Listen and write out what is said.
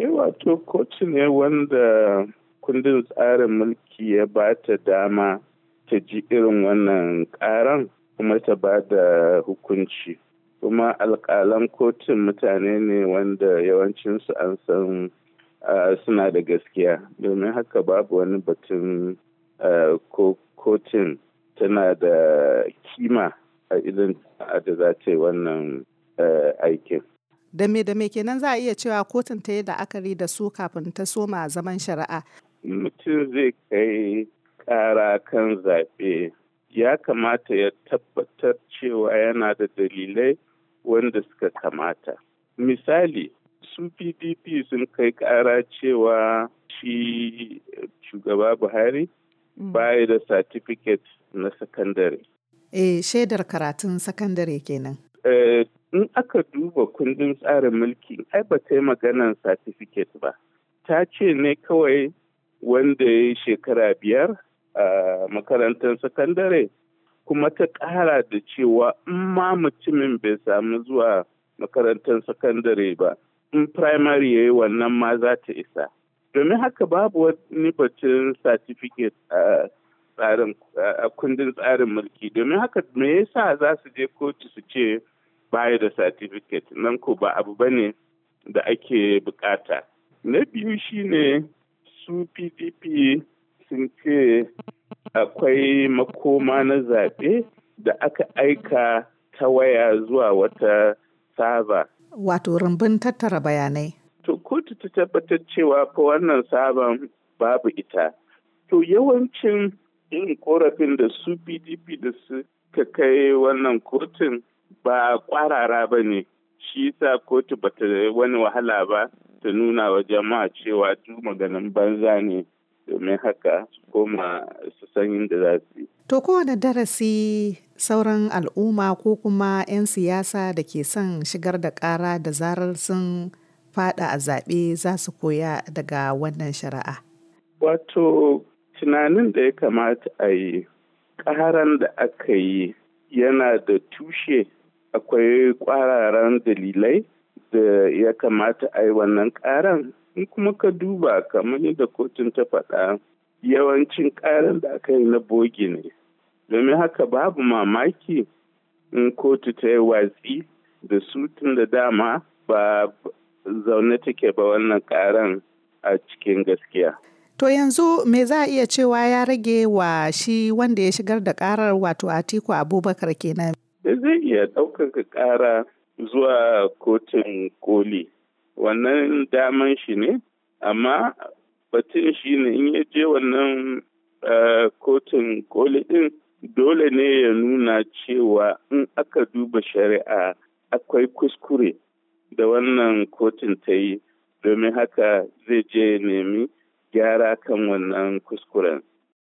Eh wato kotu ne wanda kundin tsarin mulki ya ba ta dama ta ji irin wannan karan kuma ta ba da hukunci. Kuma alkalan kotun mutane ne wanda yawancinsu an san suna da gaskiya domin haka babu wani batun ko kotun tana da kima a idan da za ta yi wannan aikin. da me da me kenan za a iya cewa kotun ta yi la'akari da su kafin ta soma zaman shari'a mutum zai kai kara kan zaɓe ya kamata ya tabbatar cewa yana da dalilai wanda suka kamata misali su pdp sun kai kara cewa shi shugaba buhari mm. baya da satifiket na sakandare eh shaidar karatun sakandare kenan eh, aka duba kundin tsarin mulki ai ba ta yi maganan satifiket ba ta ce ne kawai wanda ya yi shekara biyar a makarantar sakandare kuma ta ƙara da cewa in ma mutumin bai samu zuwa makarantar sakandare ba in primary ya yi wannan ma za ta isa domin haka babu wani batun certificate a tsarin kundin tsarin mulki domin haka me yasa za su je kotu su ce baya da satifiket, nan ko ba abu ba ne da ake bukata. Na biyu shi ne su PDP sun ce akwai makoma na zaɓe da aka aika ta waya zuwa wata saba. Wato rumbun tattara bayanai. To kotu ta tabbatar cewa fa wannan sabon babu ita. To yawancin yin korafin da su PDP da suka kai wannan kotun ba kwarara ba ne shi sa kotu ba ta wani wahala ba ta nuna wa jama'a cewa duk maganin banza ne domin haka su koma su san inda za su yi. To kowane darasi sauran al'umma ko kuma 'yan siyasa da ke son shigar da ƙara da zarar sun fada a zaɓe za su koya daga wannan shari'a. Wato tunanin da ya kamata a yi, ƙaran da aka yi yana da tushe akwai kwararan dalilai da ya kamata a yi wannan karan in kuma ka duba kamar yadda kotun ta faɗa yawancin karan da aka yi na bogi ne domin haka babu mamaki in kotu ta yi watsi da su tun da dama ba zaune take ba wannan karan a cikin gaskiya. To yanzu me za a iya cewa ya rage wa shi wanda ya shigar da karar wato Atiku Abubakar kenan. da eh, zai iya ɗaukaka ƙara zuwa kotun koli wannan daman shi ne amma batun shi ne in ya je wannan eh, kotun koli ɗin dole ne ya nuna cewa in aka duba shari'a akwai kuskure da wannan kotun ta yi domin haka zai je ya nemi gyara kan wannan kuskuren